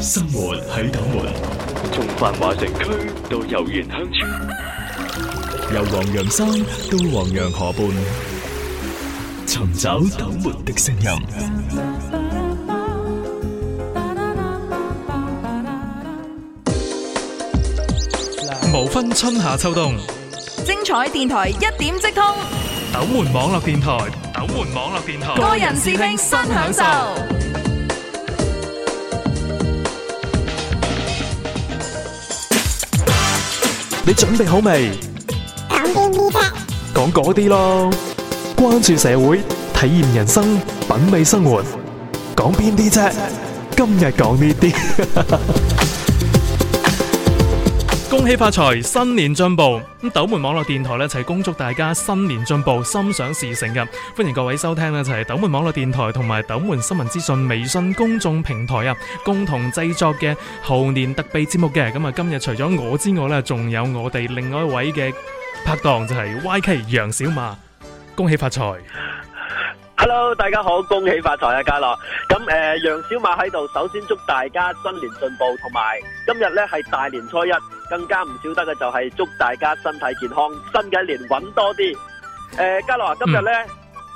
生活喺斗門，從繁華城區到悠然鄉村，由黃楊山到黃楊河畔，尋找斗門的聲音。無分春夏秋冬，精彩電台一點即通。斗門網絡電台，斗門網絡電台，個人視聽新享受。你準備好未？講邊啲啫？講嗰啲咯。關注社會，體驗人生，品味生活。講邊啲啫？今日講呢啲。恭喜發財，新年進步！咁斗門網絡電台呢，就係恭祝大家新年進步，心想事成嘅。歡迎各位收聽啦，就係斗門網絡電台同埋斗門新聞資訊微信公眾平台啊，共同製作嘅猴年特備節目嘅。咁啊，今日除咗我之外呢，仲有我哋另外一位嘅拍檔就係 YK 楊小馬。恭喜發財！Hello，大家好，恭喜發財啊，家樂。咁誒，楊小馬喺度，首先祝大家新年進步，同埋今日呢係大年初一。更加唔少得嘅，就係祝大家身體健康，新嘅一年揾多啲。誒，嘉樂啊，今日咧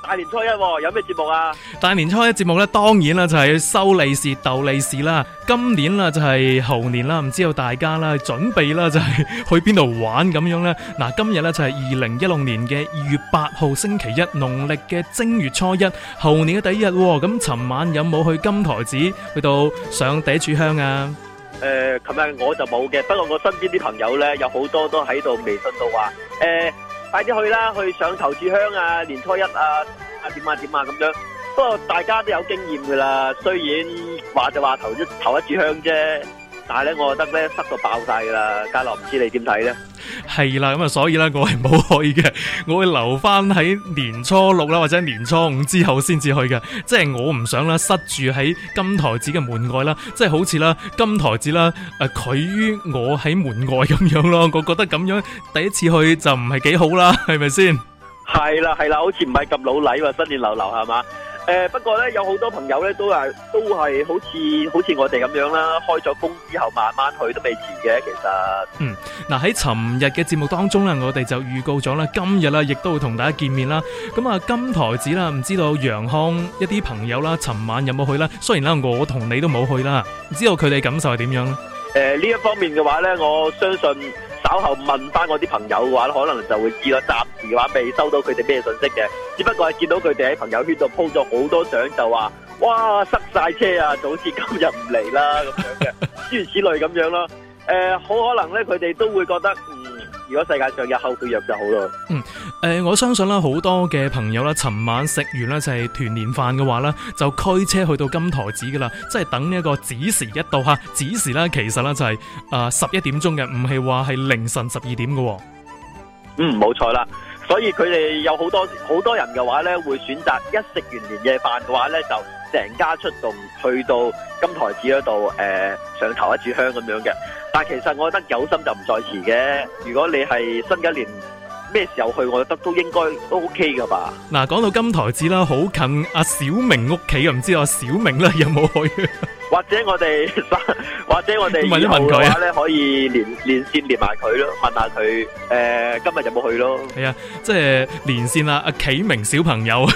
大年初一有咩節目啊？大年初一節目咧，當然啦就係收利是、逗利是啦。今年啦就係猴年啦，唔知道大家啦準備啦就係去邊度玩咁樣咧。嗱，今日咧就係二零一六年嘅二月八號星期一，農曆嘅正月初一，猴年嘅第一日。咁尋晚有冇去金台寺去到上第一炷香啊？誒、呃，琴日我就冇嘅，不過我身邊啲朋友咧，有好多都喺度微信度話，誒、呃，快啲去啦，去上頭炷香啊，年初一啊，啊點啊點啊咁樣。不過大家都有經驗噶啦，雖然話就話頭一頭一炷香啫。但係，咧，我覺得咧塞到爆晒噶啦，家樂唔知你點睇咧？係啦，咁啊，所以咧，我係冇去嘅，我會留翻喺年初六啦，或者年初五之後先至去嘅，即係我唔想啦，塞住喺金台寺嘅門外啦，即係好似啦金台寺啦，誒，拒於我喺門外咁樣咯，我覺得咁樣第一次去就唔係幾好啦，係咪先？係啦係啦，好似唔係咁老禮喎，新年流流係嘛？誒、呃，不過咧，有好多朋友咧都係都係好似好似我哋咁樣啦，開咗工之後慢慢去都未遲嘅，其實。嗯，嗱，喺尋日嘅節目當中咧，我哋就預告咗啦，今日啦，亦都會同大家見面啦。咁、嗯、啊，金台子啦，唔知道楊康一啲朋友啦，尋晚有冇去啦？雖然啦，我同你都冇去啦，唔知道佢哋感受係點樣咧？誒、呃，呢一方面嘅話咧，我相信。稍後問翻我啲朋友嘅話，可能就會知道。暫時嘅話未收到佢哋咩信息嘅，只不過係見到佢哋喺朋友圈度 po 咗好多相，就話哇塞晒車啊，早知今日唔嚟啦咁樣嘅，諸 如此類咁樣咯。誒、呃，好可能咧，佢哋都會覺得、嗯如果世界上有後悔藥就好咯。嗯，誒、呃，我相信啦，好多嘅朋友啦，尋晚食完咧就係團年飯嘅話咧，就驅車去到金台寺噶啦，即係等呢一個子時一到吓，子時咧其實咧就係誒十一點鐘嘅，唔係話係凌晨十二點嘅。嗯，冇錯啦。所以佢哋有好多好多人嘅話咧，會選擇一食完年夜飯嘅話咧，就成家出動去到金台寺嗰度，誒、呃，上頭一炷香咁樣嘅。但係其實我覺得有心就唔在遲嘅。如果你係新一年咩時候去，我覺得都應該都 OK 噶吧。嗱，講到金台寺啦，好近阿小明屋企，唔知阿小明咧有冇去？或者我哋，或者我哋，或者問一問佢咧，可以連連線連埋佢咯，問下佢，誒，今日有冇去咯？係啊，即係連線啊，阿啟明小朋友，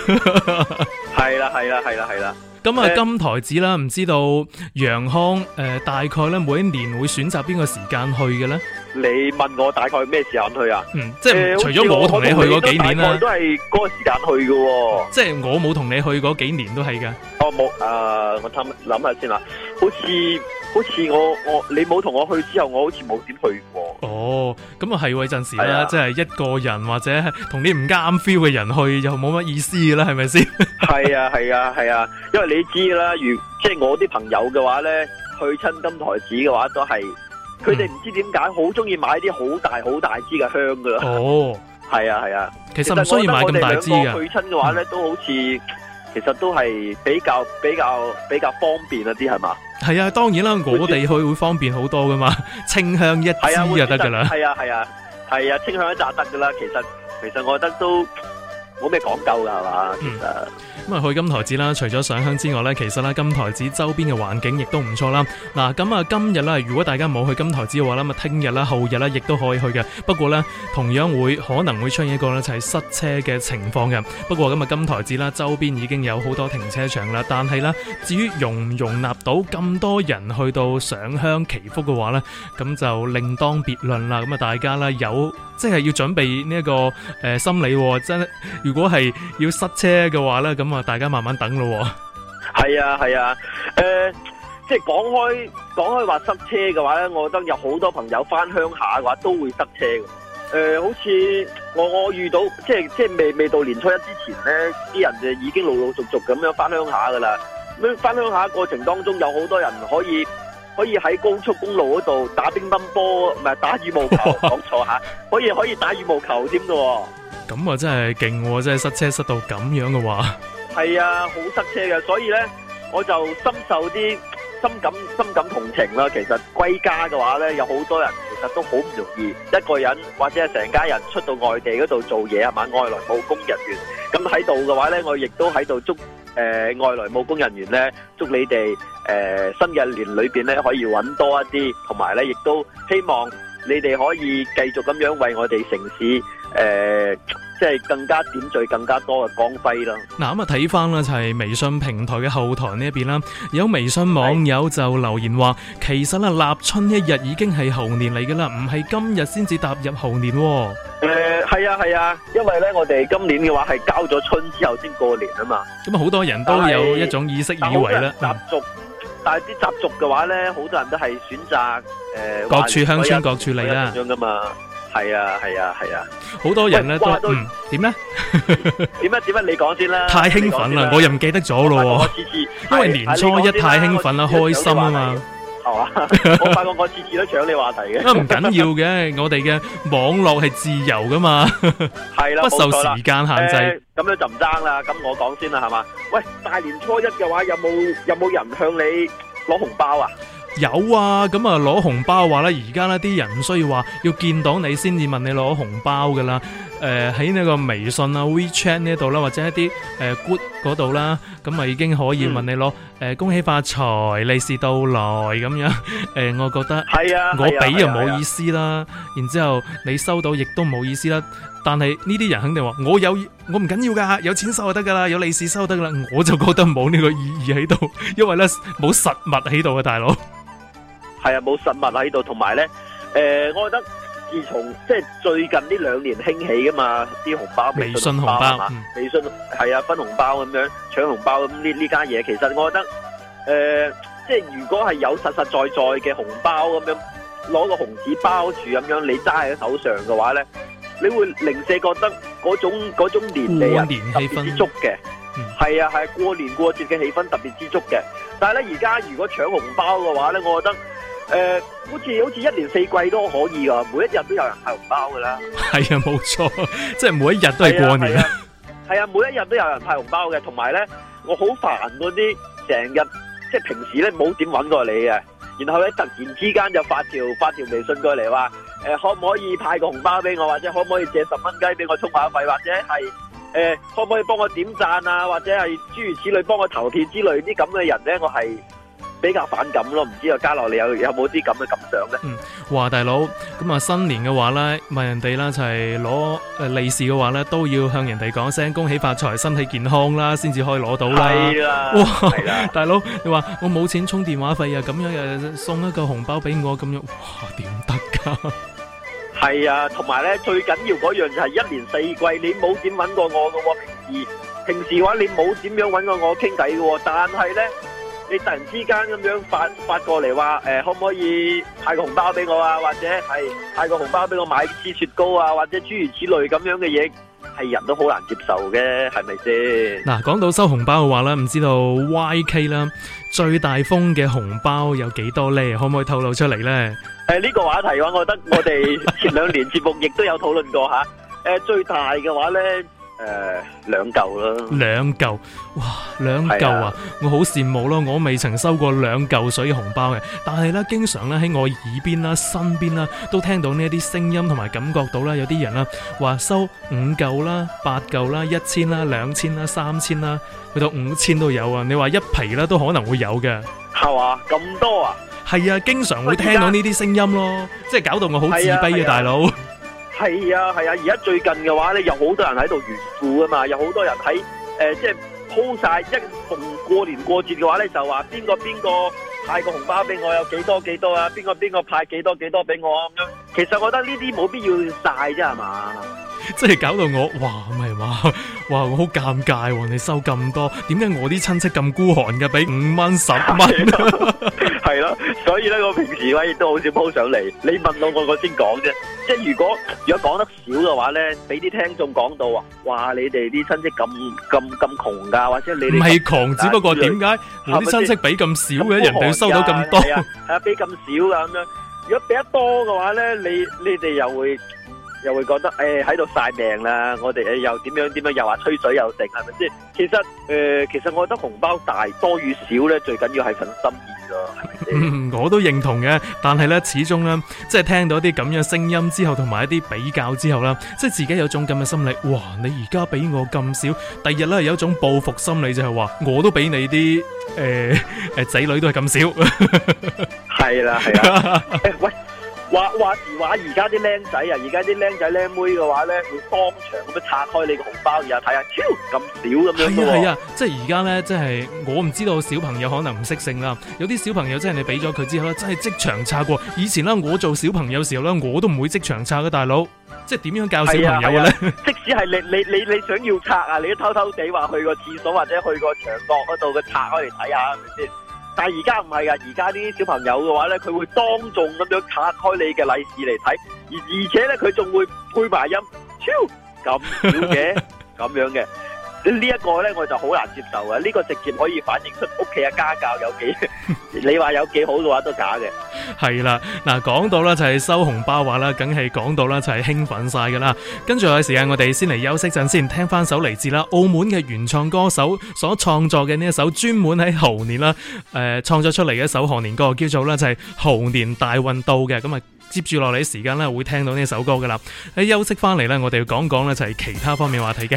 係啦，係啦，係啦，係啦。咁、嗯、啊、欸，金台子啦，唔知道楊康誒、呃，大概咧每一年會選擇邊個時間去嘅咧？你問我大概咩時間去啊？嗯，即係、欸、除咗我同你去嗰幾年啦，欸、我都都係嗰個時間去嘅、哦。即係我冇同你去嗰幾年都係噶。哦，冇誒、啊，我諗下先啦。好似好似我我你冇同我去之後，我好似冇點去過。哦，咁啊係嗰陣時啦，即係一個人或者同啲唔啱 feel 嘅人去又冇乜意思啦，係咪先？係啊，係啊，係啊，因為你。你知啦，如即係我啲朋友嘅話咧，去親金台寺嘅話都係，佢哋唔知點解好中意買啲好大好大支嘅香噶啦。哦，係啊係啊，其實唔需要買咁大支噶。我哋兩個去親嘅話咧，都好似其實都係比較比較比較方便一啲係嘛？係啊，當然啦，我哋去會方便好多噶嘛，清香一支就得噶啦。係啊係啊係啊，清香一紮得噶啦。其實其實我覺得都。冇咩講究噶係嘛，其實咁啊、嗯、去金台寺啦，除咗上香之外呢，其實呢金台寺周邊嘅環境亦都唔錯啦。嗱、啊，咁啊今日呢，如果大家冇去金台寺嘅話呢，咁啊聽日啦、後日啦，亦都可以去嘅。不過呢，同樣會可能會出現一個呢，就係、是、塞車嘅情況嘅。不過今日金台寺啦，周邊已經有好多停車場啦，但係呢，至於容唔容納到咁多人去到上香祈福嘅話呢，咁就另當別論啦。咁啊大家呢有即係要準備呢、這、一個誒、呃、心理真、哦。如果係要塞車嘅話呢咁啊大家慢慢等咯。係啊係啊，誒、啊呃，即係講開講開話塞車嘅話呢我覺得有好多朋友翻鄉下嘅話都會塞車嘅、呃。好似我我遇到即係即係未未到年初一之前呢啲人就已經陸陸續續咁樣翻鄉下噶啦。咁翻鄉下的過程當中有好多人可以。.可以喺高速公路嗰度打乒乓波，唔係打羽毛球，講錯吓，可以可以打羽毛球添嘅。咁啊，真係勁，真係塞車塞到咁樣嘅話。係啊，好塞車嘅，所以咧我就深受啲深感深感同情啦。其實歸家嘅話咧，有好多人其實都好唔容易，一個人或者係成家人出到外地嗰度做嘢係嘛，外來務工人員咁喺度嘅話咧，我亦都喺度祝。呃、外來務工人員呢，祝你哋，呃、新嘅年裏邊呢，可以揾多一啲，同埋呢，亦都希望你哋可以繼續咁樣為我哋城市，呃、即係更加點綴更加多嘅光輝啦。嗱、啊，咁啊睇翻啦，就係、是、微信平台嘅後台呢一邊啦，有微信網友就留言話，其實啊，立春一日已經係猴年嚟噶啦，唔係今日先至踏入猴年、啊。誒、呃，係啊係啊，因為咧我哋今年嘅話係交咗春之後先過年啊嘛。咁啊，好多人都有一種意識，以為啦，但係，但係啲習俗嘅、嗯、話咧，好多人都係選擇誒、呃，各處鄉村各處嚟啦咁樣噶嘛。係啊係啊係啊，好多人咧都點咧？點乜點乜？你講先啦！太興奮啦，我又唔記得咗咯。我次次因為年初一太興奮啦，開心啊嘛，係啊？我發覺我次次都搶你話題嘅。唔緊要嘅，我哋嘅網絡係自由噶嘛，係啦，不受時間限制。咁樣就唔爭啦。咁我講先啦，係嘛？喂，大年初一嘅話，有冇有冇人向你攞紅包啊？有啊，咁啊攞紅包話咧，而家呢啲人唔需要話要見到你先至問你攞紅包噶啦，誒喺呢個微信啊 WeChat 呢度啦，或者一啲誒、呃、Good 嗰度啦，咁啊已經可以問你攞誒、嗯呃、恭喜發財，利是到來咁樣，誒、呃、我覺得係啊，我俾又冇意思啦、啊啊啊啊，然之後你收到亦都冇意思啦，但係呢啲人肯定話我有我唔緊要噶，有錢收就得噶啦，有利是收得噶啦，我就覺得冇呢個意義喺度，因為咧冇實物喺度㗎大佬。係啊，冇實物喺度，同埋呢，誒、呃，我覺得自從即係最近呢兩年興起㗎嘛，啲紅包、微信紅包微、嗯、信係啊，分紅包咁樣搶紅包咁呢呢間嘢，其實我覺得，誒、呃，即係如果係有實實在在嘅紅包咁樣，攞個紅紙包住咁樣，你揸喺手上嘅話呢，你會零舍覺得嗰種嗰種年味啊，特別之足嘅，係、嗯、啊係啊，過年過節嘅氣氛特別之足嘅，但係呢，而家如果搶紅包嘅話呢，我覺得。誒、呃，好似好似一年四季都可以噶，每一日都有人派紅包噶啦。係啊，冇錯，即係每一日都係過年，啊。係啊， 啊，每一日都有人派紅包嘅。同埋呢，我好煩嗰啲成日即係平時呢冇點搵過你嘅，然後呢，突然之間就發條發條微信過嚟，話，誒、呃、可唔可以派個紅包俾我，或者可唔可以借十蚊雞俾我充話費，或者係誒、呃、可唔可以幫我點讚啊，或者係諸如此類幫我投票之類啲咁嘅人呢，我係比較反感咯，唔知阿嘉樂你有有冇啲咁嘅感想咧？嗯，哇大佬，咁啊新年嘅話咧，問人哋啦，就係攞誒利是嘅話咧，都要向人哋講聲恭喜發財、身體健康啦，先至可以攞到啦。係啦，哇大佬，你話我冇錢充電話費啊，咁樣又送一個紅包俾我咁樣，哇點得噶？係啊，同埋咧最緊要嗰樣就係一年四季你冇點揾過我噶，平時平時嘅話你冇點樣揾過我傾偈噶，但係咧。你突然之間咁樣發發過嚟話，誒、呃，可唔可以派個紅包俾我啊？或者係派個紅包俾我買支雪糕啊？或者諸如此類咁樣嘅嘢，係人都好難接受嘅，係咪先？嗱，講到收紅包嘅話啦，唔知道 YK 啦，最大封嘅紅包有幾多呢？可唔可以透露出嚟呢？誒、呃，呢、這個話題嘅話，我覺得我哋前兩年節目亦都有討論過吓。誒、 啊，最大嘅話呢。誒，兩嚿咯，兩嚿，哇，兩嚿啊！我好羨慕咯，我未曾收過兩嚿水紅包嘅。但係咧，經常咧喺我耳邊啦、身邊啦，都聽到呢一啲聲音，同埋感覺到啦，有啲人啦話收五嚿啦、八嚿啦、一千啦、兩千啦、三千啦，去到五千都有啊！你話一皮啦，都可能會有嘅，係話？咁多啊？係啊，經常會聽到呢啲聲音咯，即係搞到我好自卑啊，大佬。係啊係啊，而家、啊、最近嘅話咧，有好多人喺度炫富噶嘛，有好多人喺誒、呃，即係鋪晒一逢過年過節嘅話咧，就話邊個邊個派個紅包俾我，有幾多幾多啊？邊個邊個派幾多幾多俾我咁樣？其實我覺得呢啲冇必要晒啫，係嘛。真係搞到我，哇唔係嘛，哇我好尷尬喎！你收咁多，點解我啲親戚咁孤寒嘅，俾五蚊十蚊？係咯，所以咧我平時咧亦都好少鋪上嚟。你問到我，我先講啫。即係如果如果講得少嘅話咧，俾啲聽眾講到啊，話你哋啲親戚咁咁咁窮噶，或者你唔係窮，只不過點解我啲親戚俾咁少嘅，人哋收到咁多，係啊俾咁少噶咁樣。如果俾得多嘅話咧，你你哋又會。又會覺得誒喺度晒命啦，我哋又點樣點樣，又話吹水又定，係咪先？其實誒，其實我覺得紅包大多與少咧，最緊要係份心意咯。我都認同嘅，但係咧，始終咧，即係聽到一啲咁樣聲音之後，同埋一啲比較之後咧，即係自己有種咁嘅心理，哇！你而家俾我咁少，第日咧係有一種報復心理，就係話我都俾你啲誒誒仔女都係咁少，係啦係啦。誒喂。話話時話而家啲僆仔啊，而家啲僆仔僆妹嘅話咧，會當場咁樣拆開你個紅包，然後睇下，超咁少咁樣咯。係啊，即係而家咧，即係我唔知道小朋友可能唔識性啦，有啲小朋友真係你俾咗佢之後咧，真係即場拆過。以前啦，我做小朋友時候咧，我都唔會即場拆嘅，大佬。即係點樣教小朋友嘅咧、啊啊？即使係你你你你想要拆啊，你都偷偷地話去個廁所或者去個牆角嗰度嘅拆開嚟睇下，係咪先？但而家唔係㗎。而家啲小朋友嘅話咧，佢會當眾咁樣拆開你嘅利是嚟睇，而而且咧佢仲會配埋音，超咁少嘅，咁 樣嘅。呢、這、一個咧，我就好難接受嘅。呢、這個直接可以反映出屋企嘅家教有幾 你話有幾好嘅話都假嘅。係啦，嗱講到呢，就係收紅包話啦，梗係講到啦就係興奮晒噶啦。跟住有時間，我哋先嚟休息陣先，聽翻首嚟自啦澳門嘅原創歌手所創作嘅呢一首專門喺猴年啦誒創作出嚟嘅一首猴年歌，叫做呢、就是，就係猴年大運到嘅咁啊。接住落嚟嘅時間咧，會聽到呢首歌㗎喇。喺休息返嚟咧，我哋要講講咧就係其他方面話題嘅。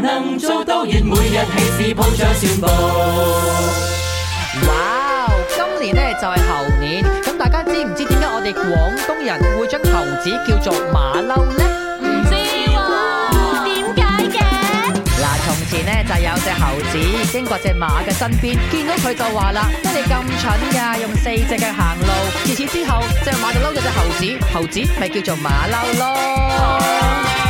能做到完每日，哇！今年呢就係猴年，咁大家知唔知點解我哋廣東人會將猴子叫做馬騮呢？唔知喎。哦，點解嘅？嗱，從前呢就有隻猴子經過隻馬嘅身邊，見到佢就話啦：，咩你咁蠢噶，用四隻腳行路。自此之後，隻馬就嬲咗隻猴子，猴子咪叫做馬騮咯。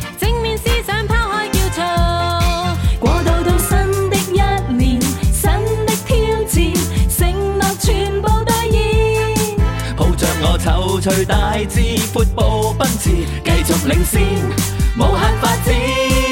我躊躇大志，闊步奔馳，繼續領先，無限發展。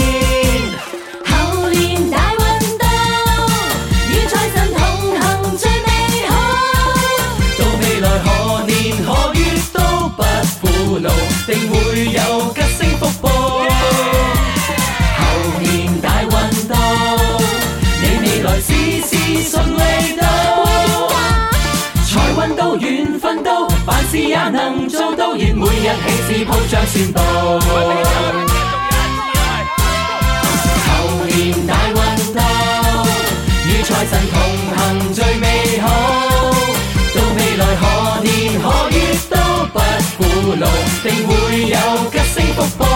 事也能做到，願每日起始鋪張全部。猴年大運到，與財神同行最美好。到未來何年何月都不苦惱，定會有吉星福報。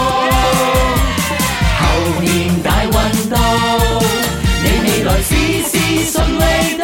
猴年大運到，你未來事事順利。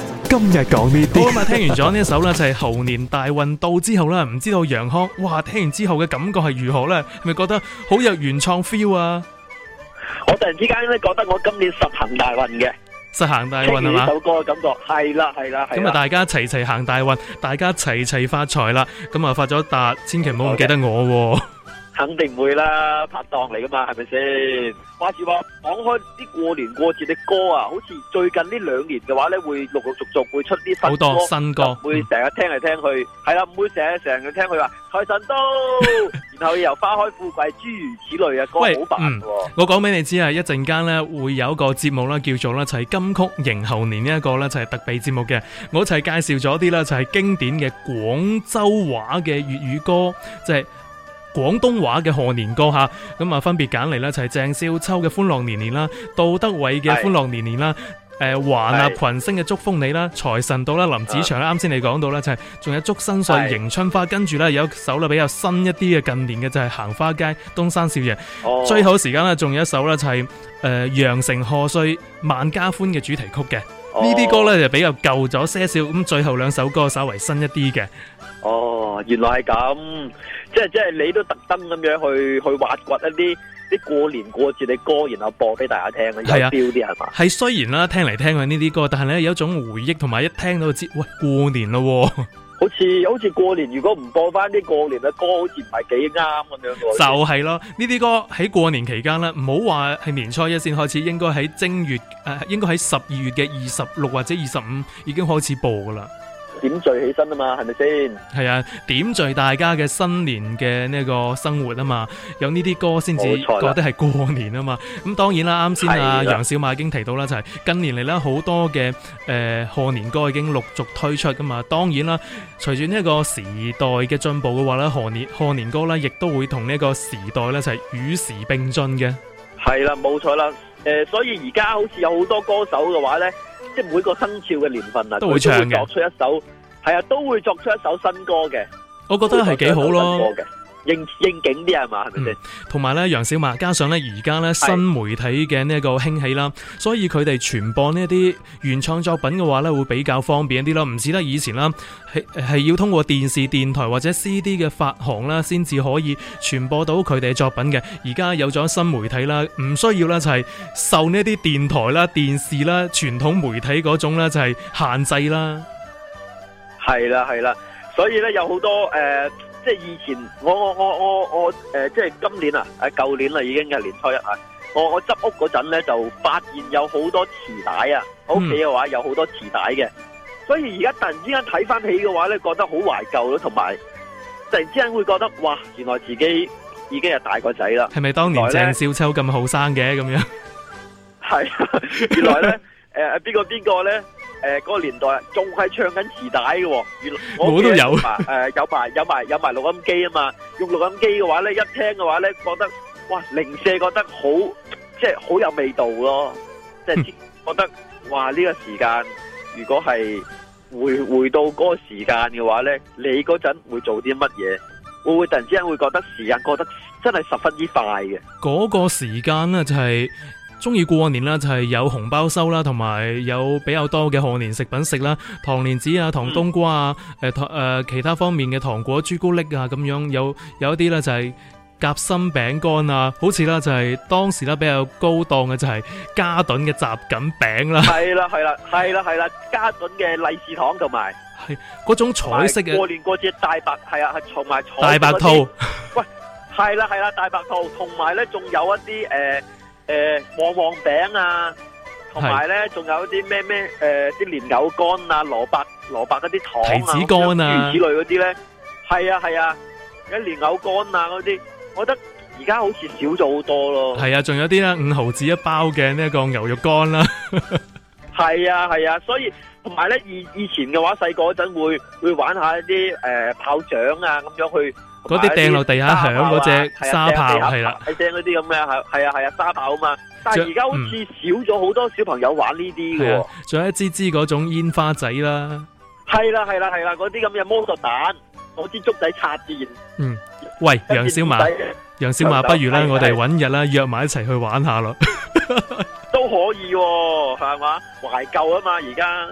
今日講呢啲，好啊！聽完咗呢一首呢就係猴年大運到之後呢唔知道楊康，哇！聽完之後嘅感覺係如何呢？咪覺得好有原創 feel 啊！我突然之間咧覺得我今年實行大運嘅，實行大運啊嘛！首歌嘅感覺係啦係啦，咁啊大家齊齊行大運，大家齊齊發財啦！咁啊發咗達，千祈唔好唔記得我。肯定會啦，拍檔嚟噶嘛，係咪先？話住話，講開啲過年過節的歌啊，好似最近呢兩年嘅話咧，會陸陸續續會出啲新歌、好多新歌，唔會成日聽嚟聽去，係啦，唔會成日成日聽佢話財神到，然後又花開富貴諸如此類啊歌好煩。嗯，我講俾你知啊，一陣間咧會有一個節目咧叫做咧就係金曲迎猴年呢一個咧就係特備節目嘅，我一齊介紹咗啲啦，就係經典嘅廣州話嘅粵語歌，就係。廣東話嘅賀年歌吓，咁啊分別揀嚟呢，就係鄭少秋嘅《歡樂年年》啦，杜德偉嘅《歡樂年年》啦，誒、呃，華納群星嘅《祝福你》啦，財神到啦，林子祥啦，啱、啊、先你講到啦，就係、是、仲有《祝新歲迎春花》，跟住呢，有一首咧比較新一啲嘅近年嘅就係《行花街》，東山少爺、哦，最後時間呢，仲有一首呢、就是，就係誒《羊城賀歲萬家歡》嘅主題曲嘅。這呢啲歌咧就比較舊咗些少，咁最後兩首歌稍為新一啲嘅。哦，原來係咁，即係即係你都特登咁樣去去挖掘一啲啲過年過節嘅歌，然後播俾大家聽嘅，係啊，係雖然啦，聽嚟聽去呢啲歌，但係咧有一種回憶，同埋一聽到就知，喂過年咯、哦。好似好似過年，如果唔播翻啲過年嘅歌，好似唔係幾啱咁樣。就係、是、咯，呢啲歌喺過年期間咧，唔好話係年初一先開始，應該喺正月誒，應該喺十二月嘅二十六或者二十五已經開始播噶啦。點綴起身啊嘛，係咪先？係啊，點綴大家嘅新年嘅呢個生活啊嘛，有呢啲歌先至覺得係過年啊嘛。咁當然啦，啱先啊楊小馬已經提到啦，就係近年嚟咧好多嘅誒賀年歌已經陸續推出噶嘛。當然啦，隨住呢一個時代嘅進步嘅話咧，賀年賀年歌咧亦都會同呢個時代咧就係與時並進嘅。係啦，冇錯啦。誒，所以而家好似有好多歌手嘅話咧。即係每個生肖嘅年份啊，都會唱嘅，作出一首，係啊，都會作出一首新歌嘅。我覺得係幾好咯。新歌嘅。應應景啲係嘛，係咪先？同埋咧，楊小馬加上咧，而家咧新媒體嘅呢一個興起啦，所以佢哋傳播呢一啲原創作品嘅話咧，會比較方便一啲咯。唔似得以前啦，係係要通過電視、電台或者 CD 嘅發行啦，先至可以傳播到佢哋作品嘅。而家有咗新媒體啦，唔需要啦就係受呢啲電台啦、電視啦、傳統媒體嗰種咧就係限制啦。係啦係啦，所以咧有好多誒。呃即係以前，我我我我我誒、呃，即係今年啊，誒舊年啦，已經係年初一啊。我我執屋嗰陣咧，就發現有好多磁帶啊。屋企嘅話有好多磁帶嘅，所以而家突然之間睇翻起嘅話咧，覺得好懷舊咯，同埋突然之間會覺得，哇！原來自己已經係大個仔啦。係咪當年鄭少秋咁後生嘅咁樣？係，原來咧，誒， 邊個邊個咧？呃誰誰誒、呃，嗰、那個年代仲係唱緊磁帶嘅，原來我都有誒、 呃，有埋有埋有埋錄音機啊嘛，用錄音機嘅話咧，一聽嘅話咧，覺得哇，零舍覺得好，即係好有味道咯，即 係覺得話呢、這個時間，如果係回回到嗰個時間嘅話咧，你嗰陣會做啲乜嘢？會唔，會突然之間會覺得時間過得真係十分之快嘅，嗰、那個時間咧就係、是。中意過年啦，就係有紅包收啦，同埋有比較多嘅賀年食品食啦，糖蓮子啊，糖冬瓜啊，誒誒其他方面嘅糖果、朱古力啊咁樣，有有一啲咧就係夾心餅乾啊，好似啦就係當時咧比較高檔嘅就係嘉頓嘅雜錦餅啦，係啦係啦係啦係啦，嘉頓嘅利是糖同埋係嗰種彩色嘅過年過節大白係啊，係同埋大白兔，喂係啦係啦大白兔，同埋咧仲有一啲誒。誒，旺旺餅啊，同埋咧，仲有啲咩咩誒，啲蓮、呃、藕乾啊，蘿蔔、蘿蔔嗰啲糖啊，皮子乾啊，諸如此類嗰啲咧，係啊，係啊，有蓮、啊啊、藕乾啊嗰啲，我覺得而家好似少咗好多咯。係啊，仲有啲啦，五毫子一包嘅呢個牛肉乾啦、啊。係 啊係啊，所以同埋咧，以以前嘅話，細個嗰陣會會玩一下啲誒、呃、炮仗啊，咁樣去。嗰啲掟落地下響嗰隻、啊、沙炮係啦，係掟嗰啲咁嘅係係啊係啊，啊，啊，啊沙炮啊嘛，但係而家好似少咗好多小朋友玩呢啲嘅，仲、嗯啊、有一支支嗰種煙花仔啦、啊，係啦係啦係啦，嗰啲咁嘅魔術彈，攞支竹仔插電。嗯，喂，楊小馬，楊小馬，不，不如咧，我哋揾日啦，約埋一齊去玩一下咯。 都可以喎，啊，係嘛，懷舊啊嘛，而家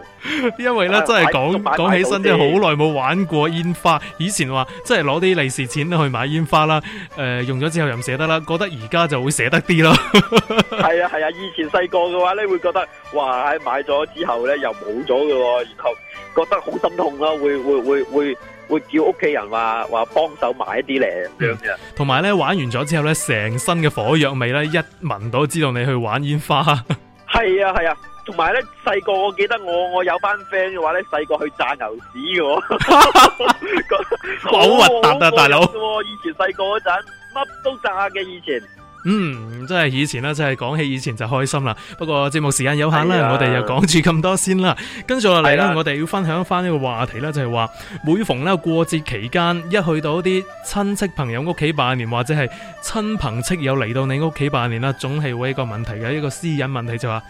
因為咧真係講講起身，真係好耐冇玩過煙花。以前話真係攞啲利是錢去買煙花啦，誒、呃、用咗之後又唔捨得啦，覺得而家就會捨得啲咯。係 啊係啊，以前細個嘅話咧會覺得，哇喺買咗之後咧又冇咗嘅，然後覺得好心痛啦會會會會。會會會會叫屋企人話話幫手買一啲嚟，咁、嗯、樣，同埋咧玩完咗之後咧，成身嘅火藥味咧，一聞到知道你去玩煙花。係啊係啊，同埋咧細個我記得我我有班 friend 嘅話咧，細個去炸牛屎嘅， 好核突啊，啊大佬！以前細個嗰陣乜都炸嘅，以前。嗯，真係以前啦，真係講起以前就開心啦。不過節目時間有限啦，哎，我哋又講住咁多先啦。跟住落嚟，呢，我哋要分享翻呢個話題啦，就係、是、話每逢啦過節期間，一去到啲親戚朋友屋企拜年，或者係親朋戚友嚟到你屋企拜年啦，總係會一個問題嘅一個私隱問題，就是，就話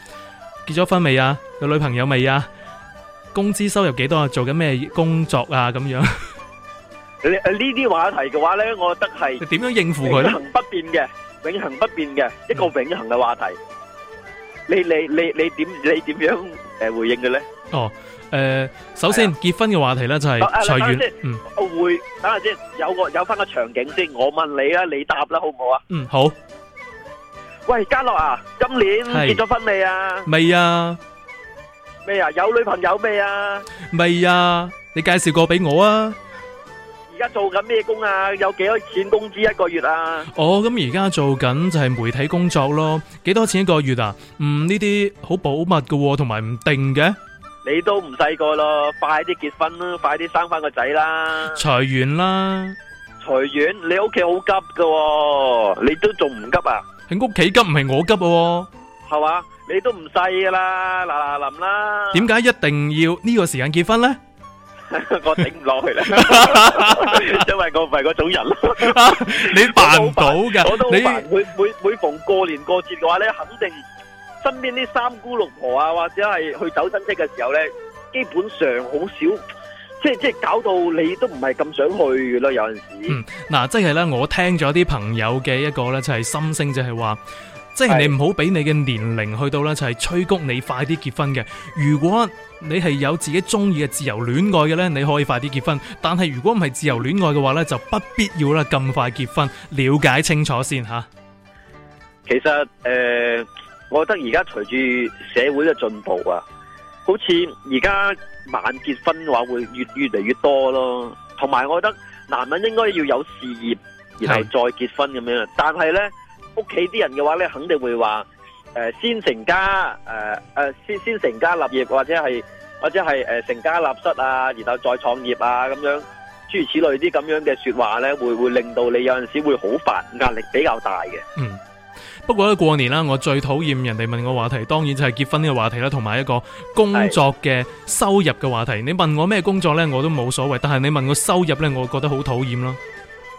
結咗婚未啊？有女朋友未啊？工資收入幾多啊？做緊咩工作啊？咁樣呢？啲話題嘅話呢，我覺得係點樣應付佢咧？不變嘅。永恆不變嘅一個永恆嘅話題，你你你你點你點樣誒回應嘅咧？哦，誒，首先結婚嘅話題咧就係隨緣，嗯，會等下先，有個有翻個場景先，我問你啦，你答啦好唔好啊？嗯，好。喂，嘉樂啊，今年結咗婚未啊？未啊，未啊，有女朋友未啊？未啊，你介紹過俾我啊！而家做緊咩工啊？有幾多錢工資一個月啊？哦，咁而家做緊就係媒體工作咯，幾多錢一個月啊？嗯，呢啲好保密嘅，同埋唔定嘅。你都唔細個咯，快啲結婚啦，快啲生翻個仔啦。隨緣啦，隨緣。你屋企好急嘅，你都仲唔急啊？喺屋企急唔係我急，係嘛？你都唔細噶啦，嗱嗱臨啦。點解一定要呢個時間結婚咧？ 我頂唔落去啦， 因為我唔係嗰種人 你辦唔到嘅，我都辦。每每逢過年過節嘅話咧，肯定身邊啲三姑六婆啊，或者係去走親戚嘅時候咧，基本上好少，即係即係搞到你都唔係咁想去啦。有陣時，嗯，嗱、啊，即係咧，我聽咗啲朋友嘅一個咧，就係心聲，就係話，即係你唔好俾你嘅年齡去到咧，就係催谷你快啲結婚嘅。如果你係有自己中意嘅自由戀愛嘅呢，你可以快啲結婚。但係如果唔係自由戀愛嘅話呢，就不必要啦咁快結婚，了解清楚先吓。其實誒、呃，我覺得而家隨住社會嘅進步啊，好似而家晚結婚嘅話會越越嚟越多咯。同埋我覺得男人應該要有事業，然後再結婚咁樣。但係呢，屋企啲人嘅話呢，肯定會話。誒、呃，先成家，誒、呃、誒，先先成家立業，或者係或者係誒、呃、成家立室啊，然後再創業啊，咁樣諸如此類啲咁樣嘅說話呢，會會令到你有陣時會好煩，壓力比較大嘅。嗯，不過咧過年啦，我最討厭人哋問我話題，當然就係結婚呢個話題啦，同埋一個工作嘅收入嘅話題。你問我咩工作呢？我都冇所謂，但係你問我收入呢，我覺得好討厭咯。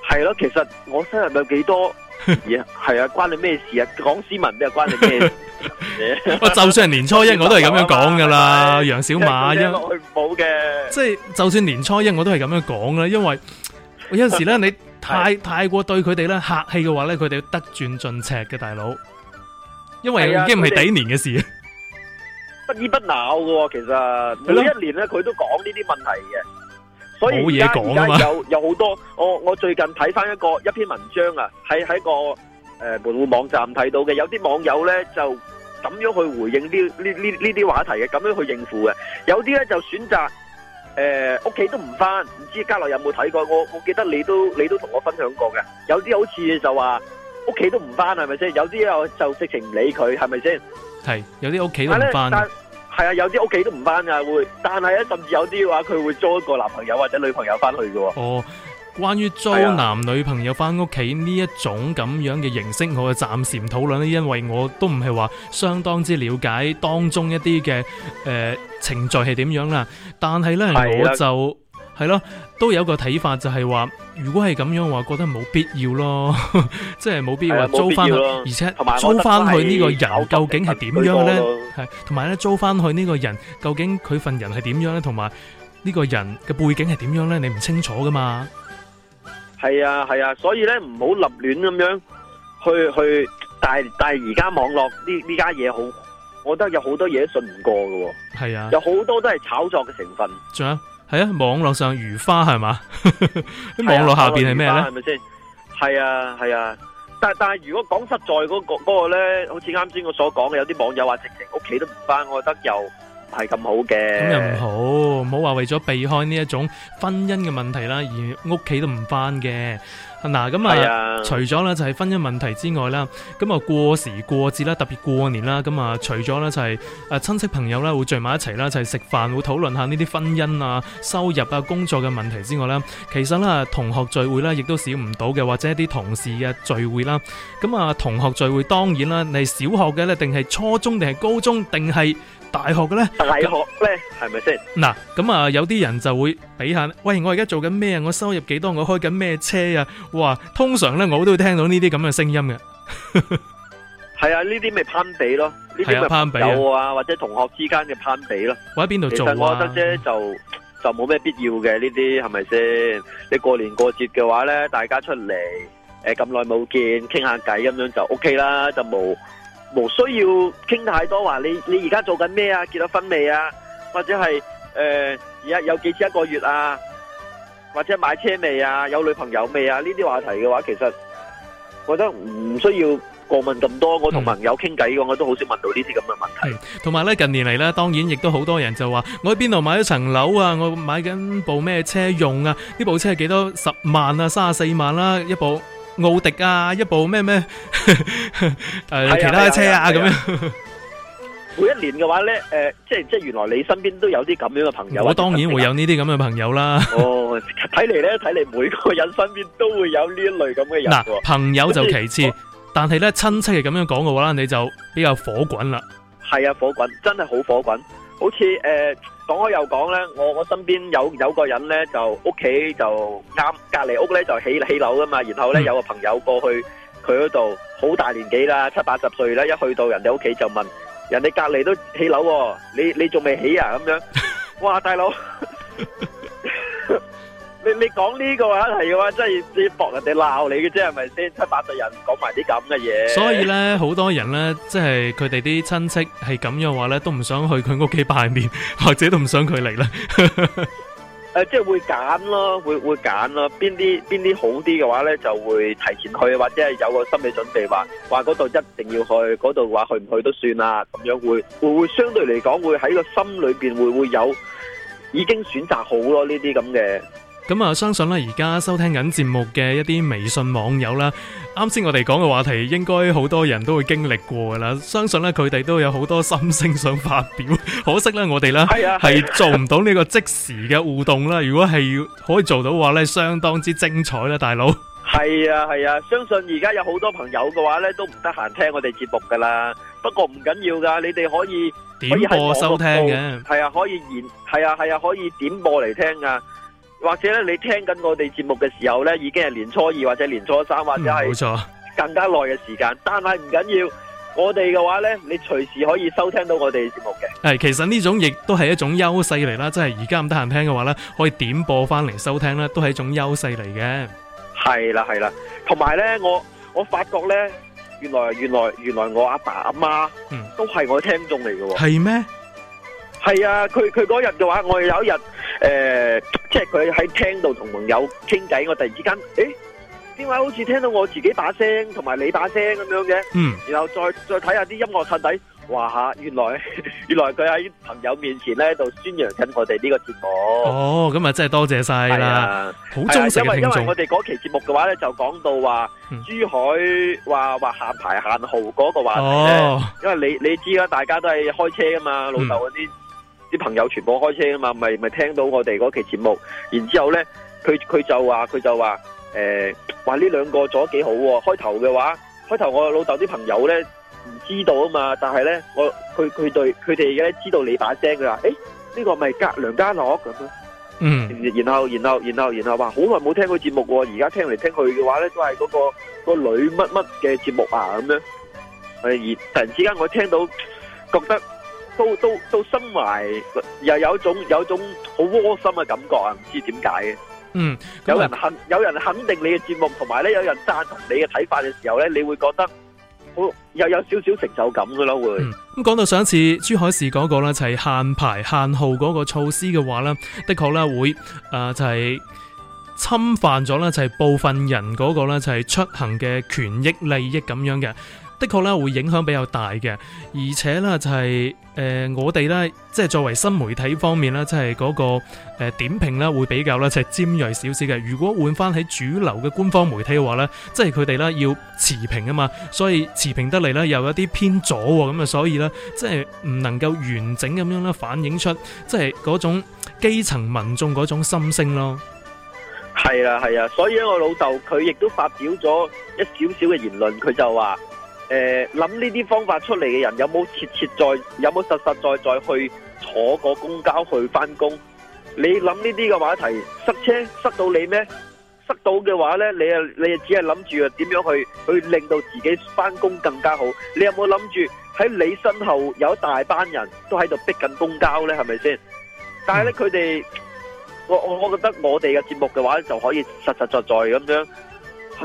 係咯，其實我收入有幾多？嘢 係、yeah, 啊，關你咩事啊？講斯文咩又關你咩事，啊？ 就算年初一我都係咁樣講 楊小馬，就是，不就算年初一我都係咁樣講噶啦，楊小馬一冇嘅。即係就算年初一我都係咁樣講啦，因為有陣時咧你太、 啊、太，太過對佢哋咧客氣嘅話咧，佢哋得寸進尺嘅大佬，因為已經唔係第一年嘅事，啊。 不依不撓嘅，哦，其實每一年咧佢，啊、都講呢啲問題嘅。冇嘢講啊！有有好多，我我最近睇翻一個一篇文章啊，係喺個呃、門戶網站睇到嘅，有啲網友咧就咁樣去回應呢呢呢呢啲話題嘅，咁樣去應付嘅。有啲咧就選擇呃、屋企都唔翻，唔知家樂有冇睇過？我我記得你都你都同我分享過嘅。有啲好似就話屋企都唔翻係咪先？有啲又就直情唔理佢係咪先？係有啲屋企都唔翻。係啊，有啲屋企都唔翻噶，會，但係咧，甚至有啲話佢會租一個男朋友或者女朋友翻去噶、哦。哦，關於租男女朋友翻屋企呢一種咁樣嘅形式，啊、我就暫時唔討論呢，因為我都唔係話相當之了解當中一啲嘅誒程序係點樣啦。但係呢、啊，我就。係咯，都有個睇法就係話，如果係咁樣嘅話，覺得冇必要咯，即係冇必要話租翻去，而且租翻去呢個人究竟係點樣嘅咧？係同埋咧租翻去呢個人究竟佢份人係點樣咧？同埋呢個人嘅背景係點樣咧？你唔清楚噶嘛？係啊係啊，所以咧唔好立亂咁樣去去，但係但係而家網絡呢呢家嘢好，我覺得有好多嘢信唔過噶，係啊，有好多都係炒作嘅成分，仲有。係啊，網絡上如花係嘛 、啊，網絡下面係咩咧？係咪先？係啊係啊，但但係如果講實在嗰、嗰個嗰、嗰個咧，好似啱先我所講嘅，有啲網友話直情屋企都唔返，我覺得又。係咁好嘅，咁又唔好，唔好話為咗避開呢一種婚姻嘅問題啦，而屋企都唔返嘅。嗱，咁啊，啊哎、除咗呢就係婚姻問題之外啦，咁啊過時過節啦，特別過年啦，咁啊除咗呢就係誒親戚朋友呢會聚埋一齊啦，就係食飯會討論下呢啲婚姻啊、收入啊、工作嘅問題之外啦。其實啦，同學聚會啦亦都少唔到嘅，或者一啲同事嘅聚會啦。咁啊同學聚會當然啦，你係小學嘅，呢定係初中定係高中定係？大學嘅咧，大學咧係咪先？嗱咁啊，有啲人就會比下，喂，我而家做緊咩啊？我收入幾多？我開緊咩車啊？哇！通常咧，我都會聽到呢啲咁嘅聲音嘅。係 啊，呢啲咪攀比咯？呢啲、啊啊、攀比啊？有啊，或者同學之間嘅攀比咯。我喺邊度做啊？其實我覺得啫，就就冇咩必要嘅呢啲，係咪先？你過年過節嘅話咧，大家出嚟誒咁耐冇見，傾下偈咁樣就 OK 啦，就冇。冇需要傾太多話，你你而家做緊咩啊？結咗婚未啊？或者係誒而家有幾錢一個月啊？或者買車未啊？有女朋友未啊？呢啲話題嘅話，其實我覺得唔需要過問咁多。我同朋友傾偈嘅，我都好少問到呢啲咁嘅問題。嗯，同埋咧，近年嚟咧，當然亦都好多人就話，我喺邊度買咗層樓啊？我買緊部咩車用啊？呢部車係幾多十萬啊？三十四萬啦、啊，一部。奧迪啊，一部咩咩誒，其他車啊咁樣。每一年嘅話咧，誒，即係即係原來你身邊都有啲咁樣嘅朋友。我當然會有呢啲咁嘅朋友啦。哦，睇嚟咧，睇嚟每個人身邊都會有呢一類咁嘅人。嗱，朋友就其次，但係咧親戚係咁樣講嘅話，你就比較火滾啦。係啊，火滾，真係好火滾，好似誒。講開又講咧，我我身邊有有個人咧，就屋企就啱隔籬屋咧就起起樓㗎嘛，然後咧有個朋友過去佢嗰度，好大年紀啦，七八十歲啦，一去到人哋屋企就問人哋隔籬都起樓，你你仲未起啊？咁樣，哇大佬！你你講呢個話題嘅話，真係要搏人哋鬧你嘅啫，係咪先？七八十人講埋啲咁嘅嘢。所以呢，好多人呢，即係佢哋啲親戚係咁樣嘅話呢，都唔想去佢屋企拜年，或者都唔想佢嚟啦。誒，即係會揀咯，會會揀咯，邊啲邊啲好啲嘅話呢，就會提前去，或者係有個心理準備，話話嗰度一定要去，嗰度話去唔去都算啦。咁樣會會會相對嚟講，會喺個心裏邊會會有已經選擇好咯，呢啲咁嘅。咁啊，相信咧，而家收聽緊節目嘅一啲微信網友啦，啱先我哋講嘅話題，應該好多人都會經歷過噶啦。相信咧，佢哋都有好多心聲想發表，可惜咧，我哋咧係啊，係做唔到呢個即時嘅互動啦。如果係要可以做到嘅話咧，相當之精彩啦，大佬。係啊係啊，相信而家有好多朋友嘅話咧，都唔得閒聽我哋節目噶啦。不過唔緊要噶，你哋可以點播收聽嘅，係啊，可以言係啊係啊，可以點播嚟聽啊。或者咧，你聽緊我哋節目嘅時候咧，已經係年初二或者年初三，或者係更加耐嘅時間。但係唔緊要，我哋嘅話咧，你隨時可以收聽到我哋節目嘅。係，其實呢種亦都係一種優勢嚟啦。即係而家咁得閒聽嘅話咧，可以點播翻嚟收聽咧，都係一種優勢嚟嘅。係啦係啦，同埋咧，我我發覺咧，原來原來原來我阿爸阿媽，嗯，都係我聽眾嚟嘅喎。係咩？係啊，佢佢嗰日嘅話，我有一日誒、呃，即係佢喺廳度同朋友傾偈，我突然之間，誒，點解好似聽到我自己把聲同埋你把聲咁樣嘅？嗯，然後再再睇下啲音樂襯底，哇吓，原來原來佢喺朋友面前咧度宣揚緊我哋呢個節目。哦，咁啊真係多謝晒啦，好忠誠聽眾、啊、因為因為我哋嗰期節目嘅話咧就講到話珠海話話、嗯、限牌限號嗰個話題、哦、因為你你知啦，大家都係開車噶嘛，老豆嗰啲。嗯啲朋友全部開車啊嘛，咪咪聽到我哋嗰期節目，然之後咧，佢佢就話佢就話，誒話呢兩個做得幾好喎。開頭嘅話，開頭我老豆啲朋友咧唔知道啊嘛，但係咧我佢佢對佢哋而家知道你把聲㗎啦。誒呢、這個咪隔梁家樂咁樣。嗯。然後然後然後然後話好耐冇聽過節目喎，而家聽嚟聽去嘅話咧都係嗰、那個個女乜乜嘅節目啊咁樣。係而突然之間我聽到覺得。都都都生埋，又有種有種好窩心嘅感覺啊！唔知點解嘅。嗯，有人肯有人肯定你嘅節目，同埋咧有人贊同你嘅睇法嘅時候咧，你會覺得好又有少少成就感噶啦會。咁講到上一次珠海市嗰個咧，就係限牌限號嗰個措施嘅話咧，的確咧會誒就係侵犯咗咧就係部分人嗰個咧就係出行嘅權益利益咁樣嘅。的確咧會影響比較大嘅，而且呢、就是，呃、就係誒我哋呢，即係作為新媒體方面呢，即係嗰個誒點評呢會比較呢，就係尖銳少少嘅。如果換翻喺主流嘅官方媒體嘅話呢，即係佢哋呢，要持平啊嘛，所以持平得嚟呢，又有啲偏左咁啊，所以呢，即係唔能夠完整咁樣呢，反映出即係嗰種基層民眾嗰種心聲咯。係啊，係啊，所以我老豆佢亦都發表咗一少少嘅言論，佢就話。誒、呃，諗呢啲方法出嚟嘅人有冇切切在，有冇實實在在去坐過公交去翻工？你諗呢啲嘅話題，塞車塞到你咩？塞到嘅話呢，你啊你啊只係諗住點樣去去令到自己翻工更加好？你有冇諗住喺你身後有一大班人都喺度逼緊公交呢？係咪先？但係呢，佢哋，我我覺得我哋嘅節目嘅話就可以實實在在咁樣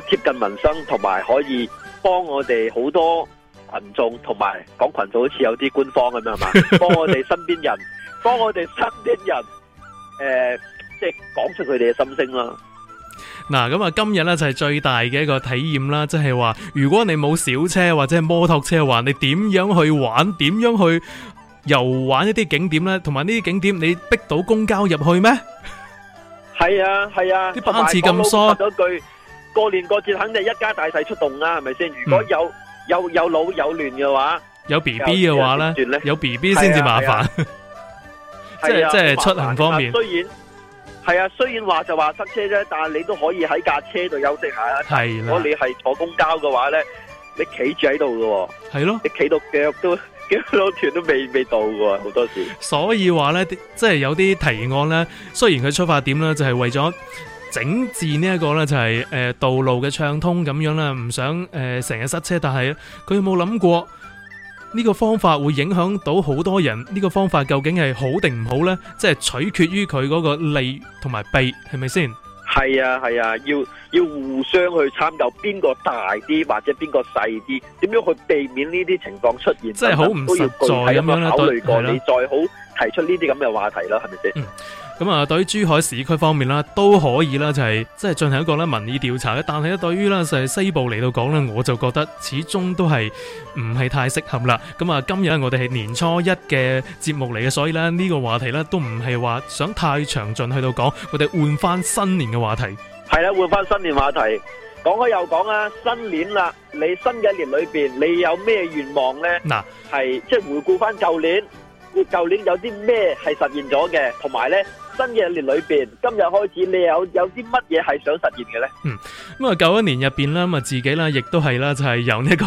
去貼近民生，同埋可以。幫我哋好多群眾同埋講群眾好似有啲官方咁樣係嘛？幫我哋身邊人，幫我哋身邊人，誒，即係講出佢哋嘅心聲啦。嗱，咁啊，今日呢就係最大嘅一個體驗啦，即係話，如果你冇小車或者係摩托車，話你點樣去玩？點樣去遊玩一啲景點呢？同埋呢啲景點，你逼到公交入去咩？係啊，係啊，啲班次咁疏。過年過節肯定一家大細出動啦，啊，係咪先？如果有有有老有嫩嘅話，有 B B 嘅話咧，有 B B 先至麻煩，啊啊 啊，即係即係出行方面，雖然係啊，雖然話就話塞車啫，但係你都可以喺架車度休息下。係。啊，如果你係坐公交嘅話咧，你企住喺度嘅，係咯，啊，你企到腳都幾多團都未未到嘅，好多時。所以話咧，即係有啲提案咧，雖然佢出發點咧就係為咗。整治這呢一個呢就係、是、誒、呃、道路嘅暢通咁樣啦，唔想誒成日塞車，但係佢有冇諗過呢個方法會影響到好多人？呢、這個方法究竟係好定唔好呢？即係取決於佢嗰個利同埋弊，係咪先？係啊，係啊，要要互相去參考邊個大啲或者邊個細啲，點樣去避免呢啲情況出現？即係好唔實在咁樣，這樣考慮過，對，你再好提出呢啲咁嘅話題啦，係咪先？嗯。咁啊，對於珠海市區方面啦，都可以啦，就係即係進行一個咧民意調查嘅。但係咧，對於咧就係西部嚟到講咧，我就覺得始終都係唔係太適合啦。咁啊，今日我哋係年初一嘅節目嚟嘅，所以咧呢個話題咧都唔係話想太詳盡去到講，我哋換翻新年嘅話題。係啦，換翻新年話題。講開又講啦，啊，新年啦，你新嘅一年裏邊，你有咩願望咧？嗱，係即係回顧翻舊年，舊年有啲咩係實現咗嘅，同埋咧。新嘅一年裏邊，今日開始，你有有啲乜嘢係想實現嘅呢？嗯，咁啊，舊一年入邊啦，咁啊自己啦、這個，亦都係啦，就係由呢一個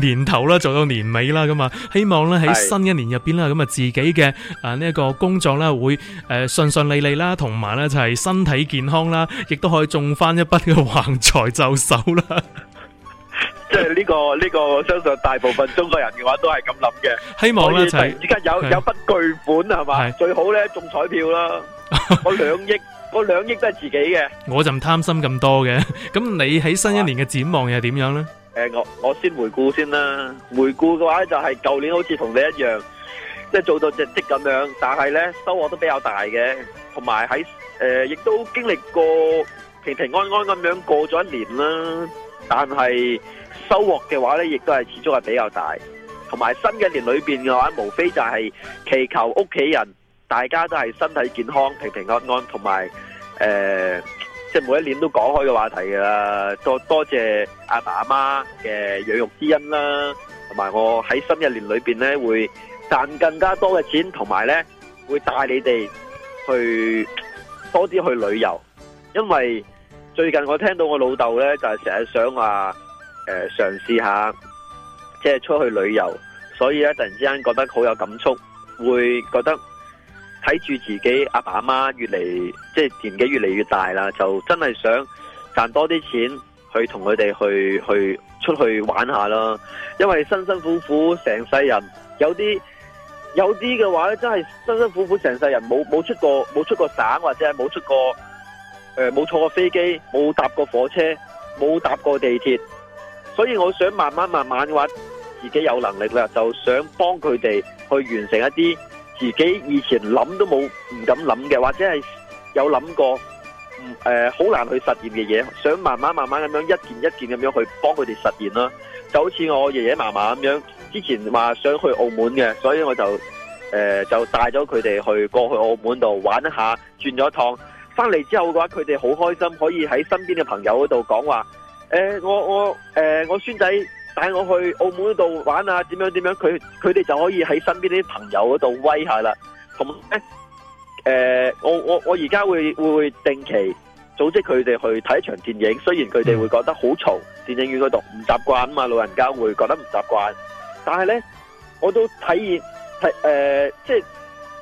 年頭啦做到年尾啦，咁啊，希望咧喺新一年入邊啦，咁啊自己嘅啊呢一個工作啦會誒順順利利啦，同埋咧就係身體健康啦，亦都可以中翻一筆嘅橫財就手啦。即係呢個呢個，相信大部分中國人嘅話都係咁諗嘅。希望咧就而家有有筆巨款係嘛？最好咧中彩票啦！我兩億，我兩億都係自己嘅。我就唔貪心咁多嘅。咁你喺新一年嘅展望又係點樣咧？誒，我我先回顧先啦。回顧嘅話就係舊年好似同你一樣，即係做到業績咁樣，但係咧收穫都比較大嘅，同埋喺誒亦都經歷過平平安安咁樣過咗一年啦。但係收穫嘅話呢，亦都係始終係比較大。同埋新一年裏邊嘅話，無非就係祈求屋企人，大家都係身體健康、平平安安。同埋誒，即係每一年都講開嘅話題噶啦，多多謝阿爸阿媽嘅養育之恩啦。同埋我喺新一年裏邊呢，會賺更加多嘅錢，同埋呢會帶你哋去多啲去旅遊，因為。最近我聽到我老豆呢，就係成日想話誒、呃、嘗試下，即係出去旅遊。所以咧，突然之間覺得好有感觸，會覺得睇住自己阿爸阿媽越嚟即係年紀越嚟越大啦，就真係想賺多啲錢去同佢哋去去出去玩下囉。因為辛辛苦苦成世人，有啲有啲嘅話呢，真係辛辛苦苦成世人冇冇出過冇出過省，或者係冇出過。誒，冇坐過飛機，冇搭過火車，冇搭過地鐵，所以我想慢慢慢慢嘅話，自己有能力啦，就想幫佢哋去完成一啲自己以前諗都冇唔敢諗嘅，或者係有諗過，誒好難去實現嘅嘢，想慢慢慢慢咁樣一件一件咁樣去幫佢哋實現啦。就好似我爺爺嫲嫲咁樣，之前話想去澳門嘅，所以我就誒就帶咗佢哋去過去澳門度玩一下，轉咗一趟。翻嚟之後嘅話，佢哋好開心，可以喺身邊嘅朋友嗰度講話。誒、呃，我我誒，我孫、呃、仔帶我去澳門嗰度玩啊，點樣點樣，佢佢哋就可以喺身邊啲朋友嗰度威下啦。同誒、呃，我我我而家會會定期組織佢哋去睇一場電影，雖然佢哋會覺得好嘈，電影院嗰度唔習慣嘛，老人家會覺得唔習慣。但係呢，我都體驗係誒，即、呃、係、就是、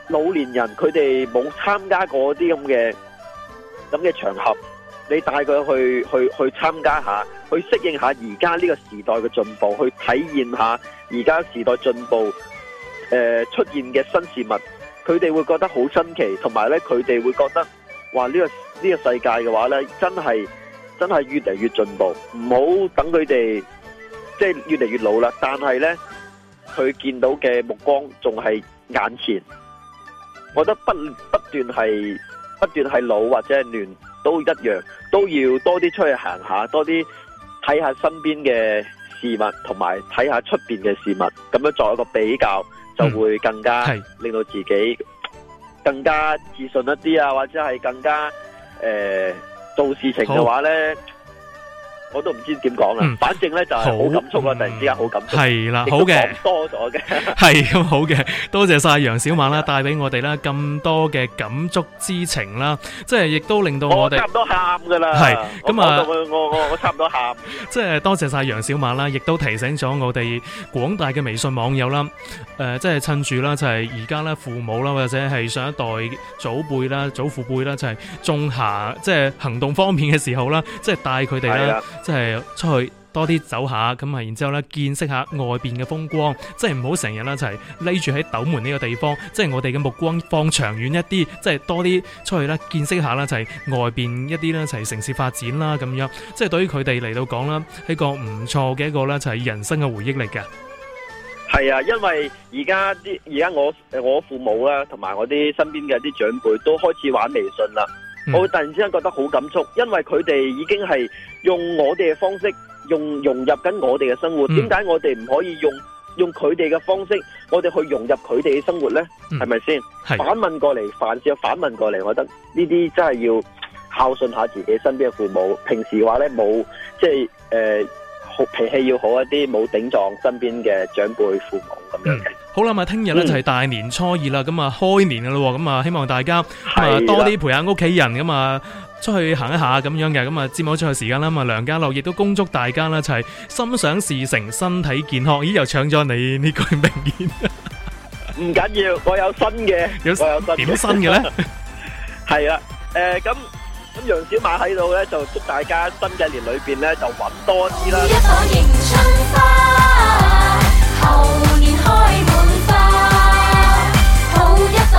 老年人佢哋冇參加過啲咁嘅。咁嘅場合，你帶佢去去去參加下，去適應下而家呢個時代嘅進步，去體驗下而家時代進步誒、呃、出現嘅新事物，佢哋會覺得好新奇，同埋呢，佢哋會覺得話呢個呢個世界嘅話呢，真係真係越嚟越進步，唔好等佢哋即係越嚟越老啦。但係呢，佢見到嘅目光仲係眼前，我覺得不不斷係。不斷係老或者係嫩都一樣，都要多啲出去行下，多啲睇下身邊嘅事物，同埋睇下出邊嘅事物，咁樣作一個比較，就會更加令到自己更加自信一啲啊，或者係更加誒、呃、做事情嘅話呢。我都唔知點講啦，反正咧就係好感觸啦、嗯，突然之間好感觸，係啦，好嘅，多咗嘅，係咁好嘅，多謝曬楊小馬啦，帶俾我哋啦咁多嘅感觸之情啦，即係亦都令到我哋差唔多喊噶啦，係咁啊，我我我，我，我差唔多喊，即係多謝曬楊小馬啦，亦都提醒咗我哋廣大嘅微信網友啦，誒即係趁住啦，就係而家咧父母啦或者係上一代祖輩啦、祖父輩啦，就係仲下即係行動方面嘅時候啦，即係帶佢哋啦。即、就、係、是、出去多啲走下，咁啊，然之後咧見識下外邊嘅風光，即係唔好成日咧就係匿住喺斗門呢個地方，即係我哋嘅目光放長遠一啲，即係多啲出去咧見識下啦，就係外邊一啲啦，就係城市發展啦咁樣，即係對於佢哋嚟到講啦，係個唔錯嘅一個啦，就係人生嘅回憶力嘅。係啊，因為而家啲而家我我父母啦，同埋我啲身邊嘅啲長輩都開始玩微信啦。我會突然之間覺得好感觸，因為佢哋已經係用我哋嘅方式，用融入緊我哋嘅生活。點、嗯、解我哋唔可以用用佢哋嘅方式，我哋去融入佢哋嘅生活咧？係咪先？反問過嚟，凡事有反問過嚟，我覺得呢啲真係要孝順下自己身邊嘅父母。平時話咧冇即係誒，好、呃、脾氣要好一啲，冇頂撞身邊嘅長輩父母。嗯，好啦，咁啊，聽日咧就係大年初二啦，咁啊開年噶咯，咁啊希望大家咁啊多啲陪下屋企人，咁啊出去行一下咁樣嘅，咁啊節冇出去時間啦，咁啊梁家樂亦都恭祝大家啦，就係心想事成，身體健康，咦又搶咗你呢句名言，唔緊要，我有新嘅，我有新點新嘅咧，係啦，誒咁咁楊小馬喺度咧就祝大家新嘅年裏邊咧就揾多啲啦。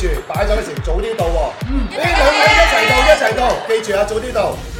記住，擺酒嗰陣，早啲到喎、哦。嗯，呢兩個一齊到，yeah！一齊到，一齊到，記住啊，早啲到。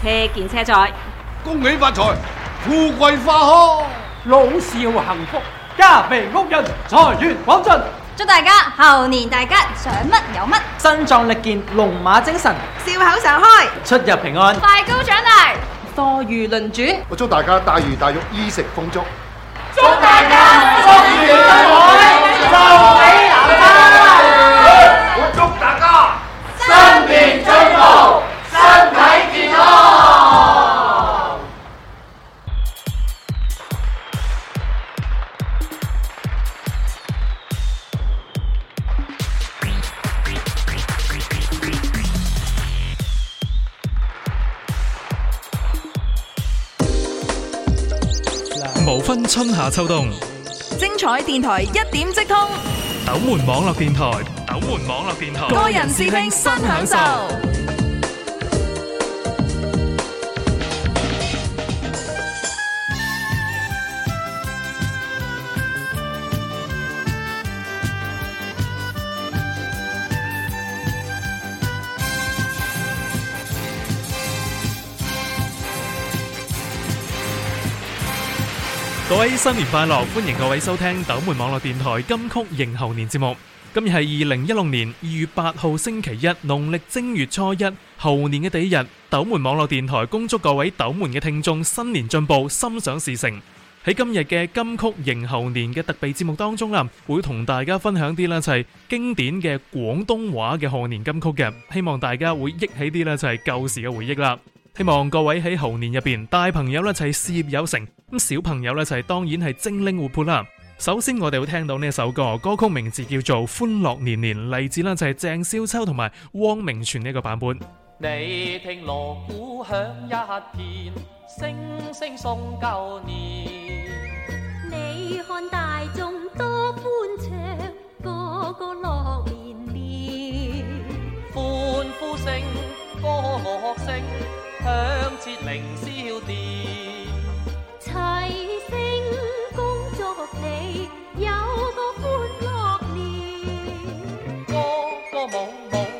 車見車載，恭喜發財，富貴花開，老少幸福，家肥屋潤，財源廣進。祝大家猴年大家想乜有乜，身壯力健，龍馬精神，笑口常開，出入平安，快高長大，貨如輪轉。我祝大家大魚大肉，衣食豐足。祝大家福如東海，祝你春夏秋冬，精彩電台一點即通。斗門網絡電台，斗門網絡電台，個人視聽新享受。各位新年快樂，歡迎各位收聽斗門網絡電台金曲迎猴年節目。今日係二零一六年二月八號星期一，農曆正月初一猴年嘅第一日。斗門網絡電台恭祝各位斗門嘅聽眾新年進步，心想事成。喺今日嘅金曲迎猴年嘅特備節目當中啊，會同大家分享啲呢就係經典嘅廣東話嘅賀年金曲嘅，希望大家會憶起啲呢就係舊時嘅回憶啦。希望各位喺猴年入邊，大朋友一齊事業有成，咁小朋友一齊當然係精靈活潑啦。首先我哋會聽到呢首歌，歌曲名字叫做《歡樂年年》，例子呢就係鄭少秋同埋汪明荃呢一個版本。你聽鑼鼓響一片，聲聲送舊年。你看大眾多歡暢，個個樂年年。歡呼聲，歌樂聲。響徹凌霄殿，齊聲恭祝你有個歡樂年，個個舞舞。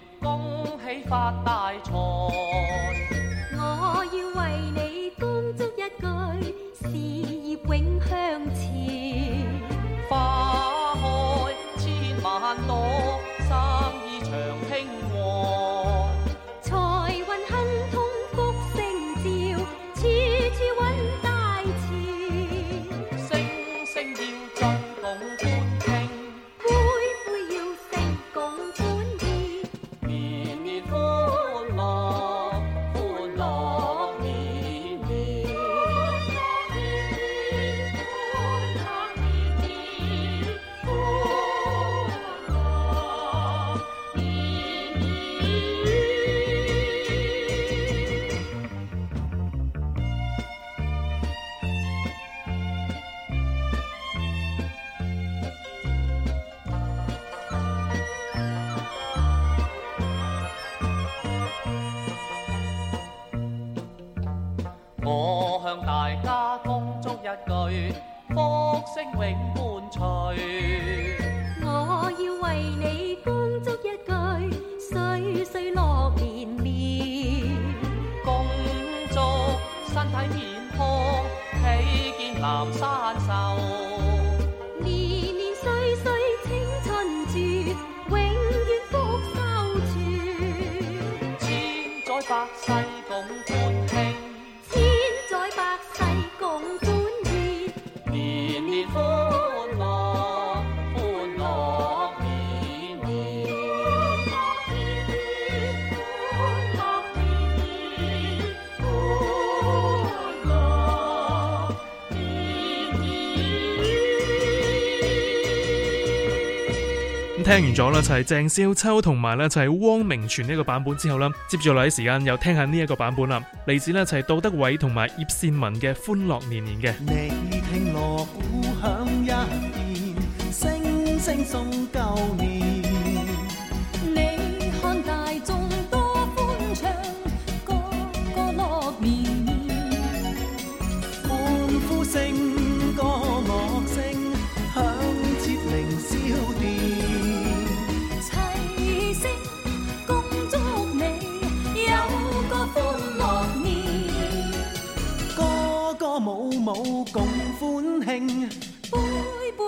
聽完咗啦，就係、是、鄭少秋同埋咧就係汪明荃呢個版本之後啦，接住落時間又聽下呢一個版本啦，嚟自咧就係杜德偉同埋葉倩文嘅《歡樂年年》嘅。你聽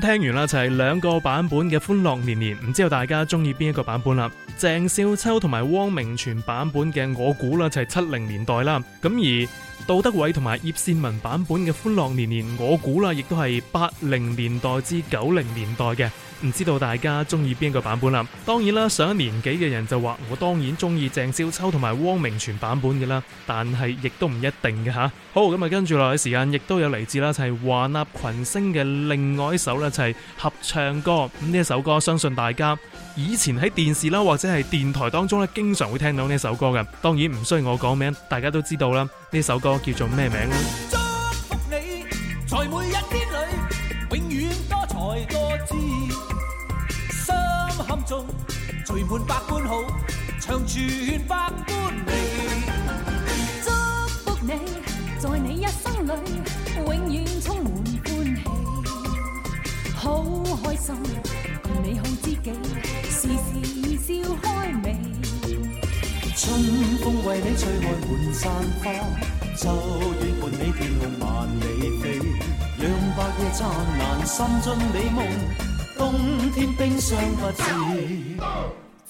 聽完啦，就係兩個版本嘅《歡樂年年》，唔知道大家中意邊一個版本啦？鄭少秋同埋汪明荃版本嘅我估啦，就係七零年代啦。咁而杜德偉同埋葉倩文版本嘅《歡樂年年》，我估啦，亦都係八零年代至九零年代嘅。唔知道大家中意邊個版本啦、啊？當然啦，上一年紀嘅人就話我當然中意鄭少秋同埋汪明荃版本嘅啦，但係亦都唔一定嘅吓。好，咁啊跟住落嚟，時間亦都有嚟自啦，就係華納群星嘅另外一首咧，就係、是、合唱歌。咁呢首歌，相信大家以前喺電視啦或者係電台當中呢，經常會聽到呢首歌嘅。當然唔需要我講名，大家都知道啦。呢首歌叫做咩名？祝福你」。「在每一天裡永遠多才多智。」聚隨伴百般好，長處百般美。祝福你，在你一生裏永遠充滿歡喜，好開心。美好知己，時時笑開眉。春風為你吹開滿山花，秋月伴你天空萬里飛，兩百夜燦爛滲進你夢。冬天冰霜不至，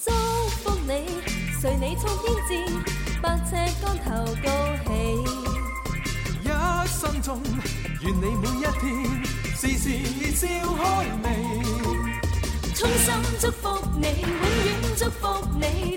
祝福你，隨你衝天志，百尺竿頭高起。一生中，願你每一天事事笑開眉，衷心祝福你，永遠祝福你。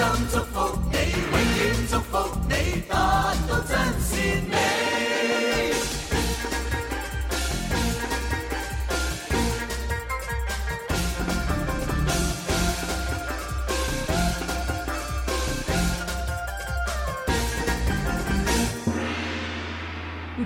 心祝福你，永遠祝福你，得到真善美。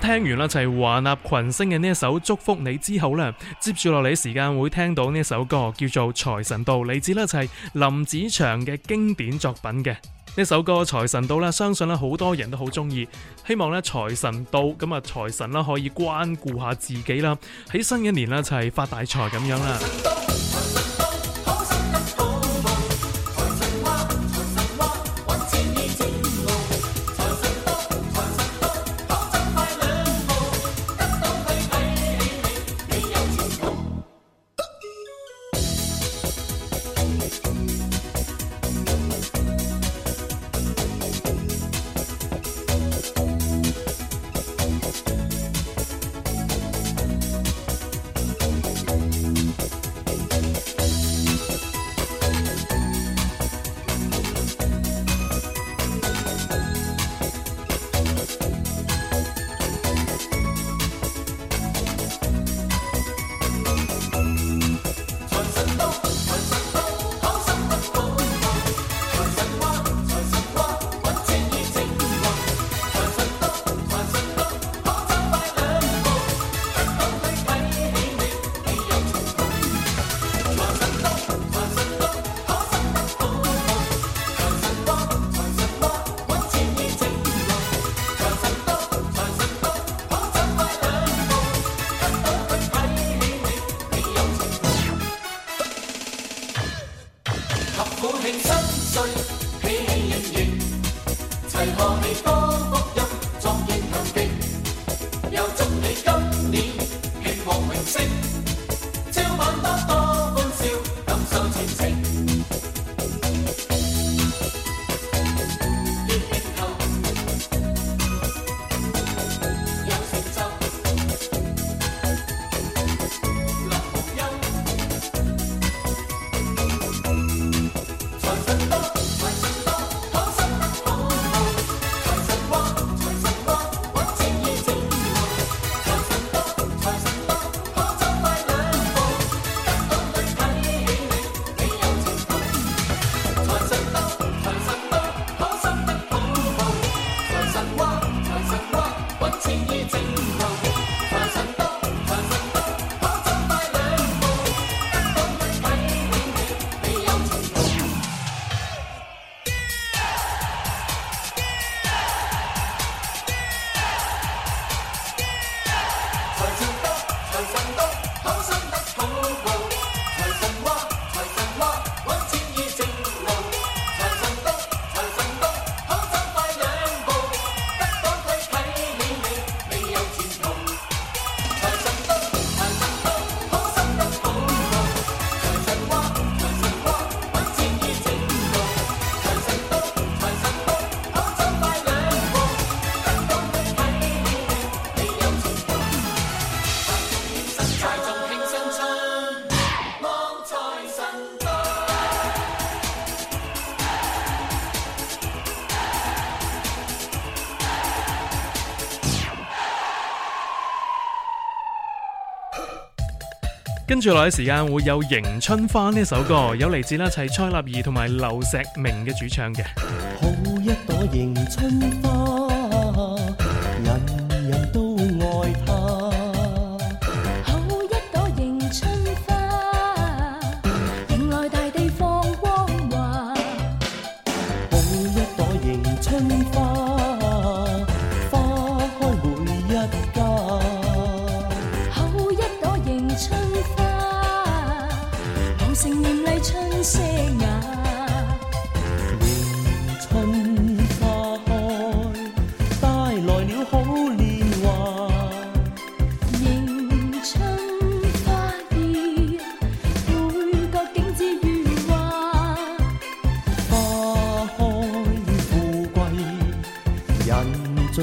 聽完啦，就係華納群星嘅呢一首祝福你之後咧，接住落嚟時間會聽到呢首歌叫做《財神到》，嚟自咧就係林子祥嘅經典作品嘅呢首歌《財神到》啦，相信啦好多人都好中意，希望咧財神到咁啊財神啦可以關顧下自己啦，喺新一年啦就係發大財咁樣啦。跟住落嚟時間會有迎春花呢首歌，有嚟自咧，齊係蔡立兒同埋劉錫明嘅主唱嘅。好一朵迎春花。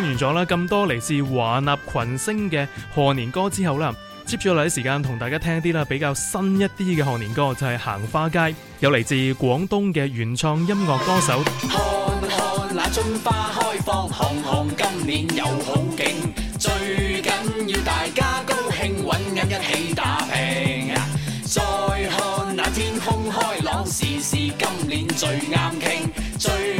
聽完咗啦，咁多嚟自華納群星嘅賀年歌之後啦，接住落嚟時間同大家聽啲啦比較新一啲嘅賀年歌，就係、是《行花街》，有嚟自廣東嘅原創音樂歌手。看看那春花開放，看看今年有好景，最緊要大家高興，搵緊一起打拼。再看那天空開朗，事事今年最啱傾。最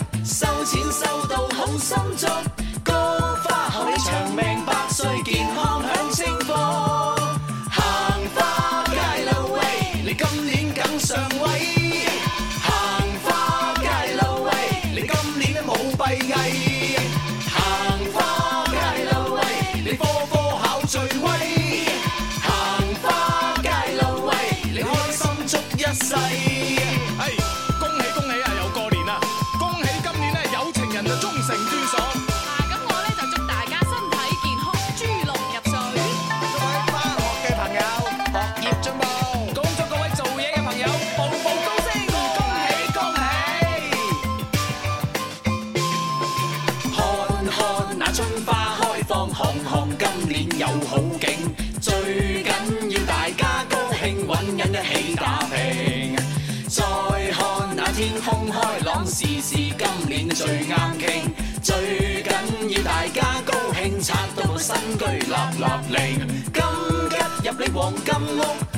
新居立立令，金吉入你黃金屋。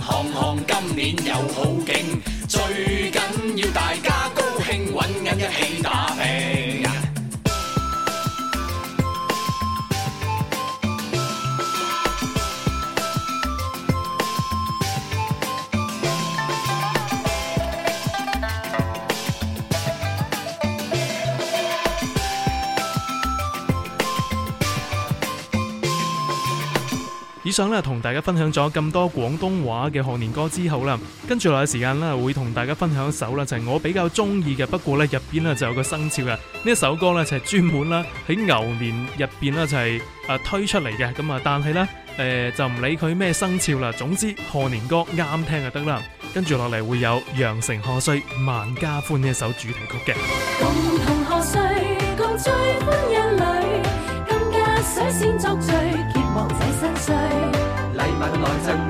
行行今年有好景，最緊要大家高興，搵緊一起打拼。想咧同大家分享咗咁多廣東話嘅賀年歌之後啦，跟住落嚟時間咧會同大家分享一首啦，就係、是、我比較中意嘅，不過咧入邊咧就有一個生肖嘅呢一首歌呢就係、是、專門啦喺牛年入邊呢就係、是、啊推出嚟嘅，咁啊但係呢誒、呃、就唔理佢咩生肖啦，總之賀年歌啱聽就得啦，跟住落嚟會有《羊城賀歲萬家歡》呢首主題曲嘅。共同賀歲共追歡的更加水仙作醉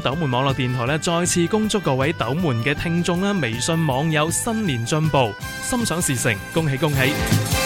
斗門網絡電台咧，再次恭祝各位斗門嘅聽眾啦，微信網友新年進步，心想事成，恭喜恭喜。